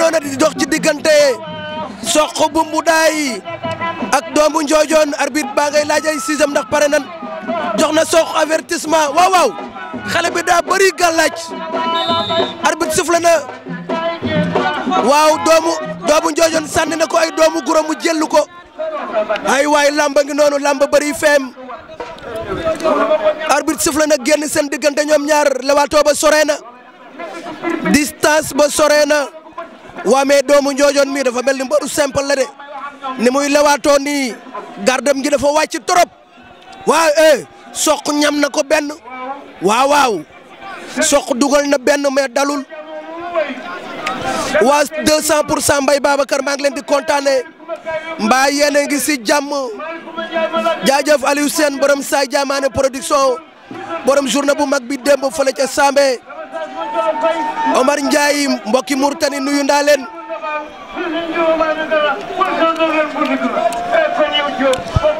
noona di dox ci diggante soq bu mbu daay ak doomu njoojoon arbitre baa laaj ay sixième ndax pare nan jox na soq avertissement waaw waaw bi daa bëri gàllaaj waaw doomu doomu njoojoon sànni na ko ay doomu guro mu jëllu ko ay waay lamba ngi noonu lamba bëri feem arbitre siffle na génn seen diggante ñoom ñaar lewaatoo ba sore na distance ba sore na waa mais doomu njoojoon mii dafa mel ni mbaru simple la de ni muy lewaatoo nii gardem gi dafa wàcc trop waaw eh soq ñam na ko benn waaw waaw soq dugal na benn mais dalul waa 200 pour cent Mbaye Babacar maa ngi leen di kontaanee mbaa yéen a ngi si jàmm jaajaf Aliou Sène borom Saay Jaamaane production borom na bu mag bi démb fële ca Sambé. Omar Ndiaye mbokki Mourtani nuyu ndaa leen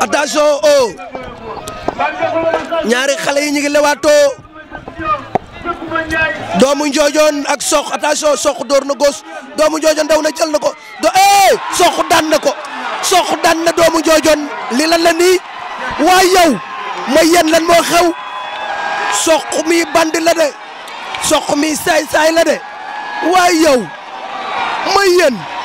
attention o ñaari xale yi ñu ngi lewaatoo doomu njoojoon ak sox attention sox door na góos doomu njoojoon daw na jël na ko do eh sox daan na ko sox daan na doomu njoojoon li lan la nii waa yow mooy yéen lan moo xew sox mi bandi la de. soq mi saay saay la de waaye yow ma